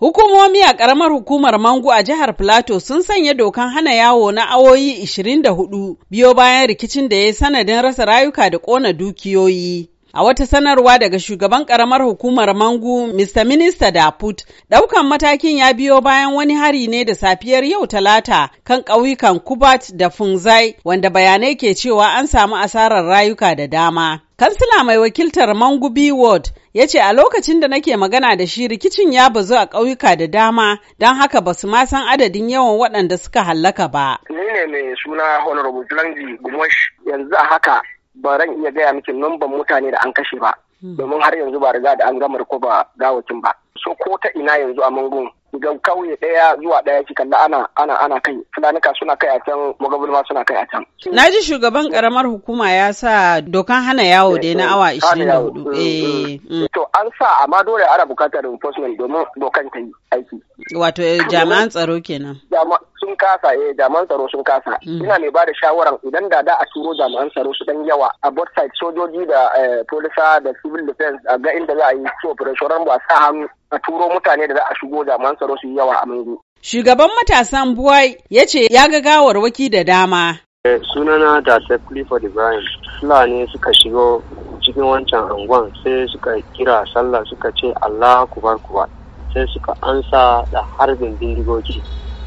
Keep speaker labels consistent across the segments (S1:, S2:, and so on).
S1: Hukumomi a ƙaramar hukumar Mangu a jihar Filato sun sanya dokan hana yawo na awoyi 24 biyo bayan rikicin da ya yi sanadin rasa rayuka da ƙona dukiyoyi. A wata sanarwa daga shugaban ƙaramar hukumar Mangu, Mr. Minista Daput, ɗaukan matakin ya biyo bayan wani hari ne da safiyar yau talata kan ƙauyukan Kubat da Funzai, wanda bayanai ke cewa an samu asarar rayuka da dama. Kansila mai wakiltar Mangubi Ward ya ce a lokacin da nake magana da shi rikicin ya bazu a ƙauyuka da dama don haka ba su ma san adadin yawan waɗanda suka hallaka ba.
S2: Ni ne mai suna Honorable Blandy Gumosh yanzu a haka ba ran iya gaya miki numban mutane da an kashe ba. Hmm. domin har yanzu ba riga da an gama ba gawakin ba so ko ta ina yanzu a mangun idan kauye daya zuwa ɗaya ki kalla ana ana ana kai fulanika suna kai a can magabul ma suna kai a can hmm. na
S1: ji shugaban karamar hukuma ya sa dokan hana yawo dai na awa 24 eh, hudu. Eh,
S2: hmm, to an sa amma dole ana bukatar enforcement domin dokan
S1: ta yi aiki wato eh, jami'an tsaro kenan
S2: sun kasa eh jami'an tsaro sun kasa hmm. ina mai ba da shawaran idan da da a turo jami'an tsaro su dan yawa a both side sojoji da eh, polisa da civil defense a ga inda za a yi su operation ba sa hannu a turo mutane da za
S1: a shigo jami'an tsaro su yi yawa a mangu. Shugaban matasan Buwai ya ce ya ga gawarwaki da dama.
S3: Eh, sunana da Clifford Ibrahim Fulani suka shigo cikin wancan angon sai suka kira sallah suka ce Allah kubar kubar sai suka ansa da harbin bindigogi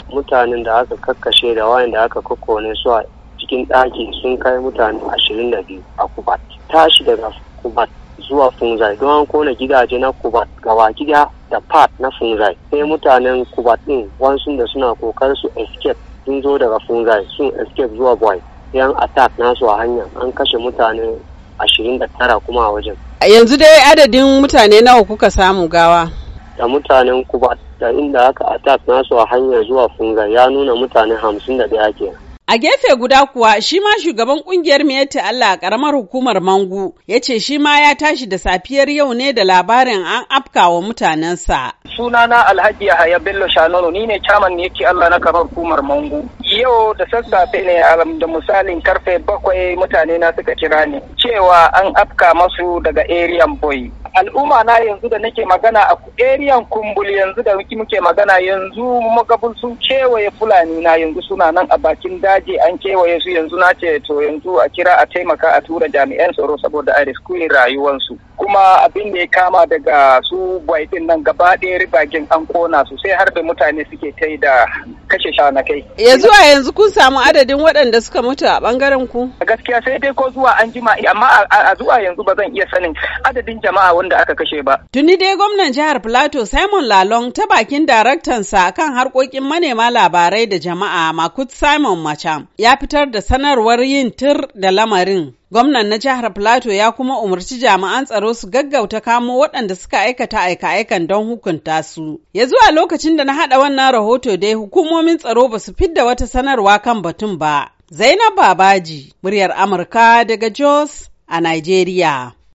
S3: mutanen da aka kakkashe da wayan da aka kokone su a cikin ɗaki sun kai mutane ashirin da biyu a kubat tashi daga kubat zuwa funzai don an kona gidaje na kubat gaba gida da pat na funzai sai mutanen kubat ɗin wasu da suna kokar su escape sun zo daga funzai sun escape zuwa boy yan attack nasu a hanya an kashe mutane ashirin da tara kuma a wajen
S1: yanzu dai adadin mutane nawa kuka samu gawa
S3: da mutanen kubat inda da aka atak nasu a hanyar zuwa funga ya nuna mutane hamsin da ɗaya kenan
S1: A gefe guda kuwa shi ma shugaban kungiyar Miyetti Allah a karamar hukumar Mangu ya ce shi ma ya tashi da safiyar yau ne da labarin an afkawa mutanensa. Sunana
S4: Alhaji Yahaya Bello Shalolo ni ne caman yake Allah na karamar hukumar Mangu. Yau da sassafe ne da misalin karfe bakwai mutane na suka kira ni cewa an afka masu daga Arian Boy. al'umma na yanzu da nake magana a eriyan kumbul yanzu da muke magana yanzu magabun sun kewaye fulani na yanzu suna nan a bakin daji yaƙi an kewaye su yanzu na ce to yanzu a kira a taimaka a tura jami'an tsaro saboda a riskuyin rayuwansu. kuma abin da ya kama daga su nan gaba ɗaya ribagen an kona su sai harbe mutane suke ta da kashe shanakai.
S1: Ya zuwa yanzu kun samu adadin waɗanda suka mutu a ɓangaren ku? Gaskiya sai dai ko zuwa an jima amma a zuwa yanzu ba zan iya sanin adadin jama'a wanda aka kashe ba. Tuni dai gwamnan jihar Plateau Simon Lalong ta bakin daraktan sa kan harkokin manema labarai da jama'a Makut Simon Macham ya fitar da sanarwar yin tir da lamarin. Gwamnan na jihar plato ya kuma umarci jami'an tsaro su gaggauta kamo waɗanda suka aikata aika-aikan don hukunta su. Ya zuwa lokacin da na haɗa wannan rahoto dai hukumomin tsaro ba su fidda wata sanarwa kan batun ba. Zainab Babaji, muryar Amurka daga Jos a Nigeria.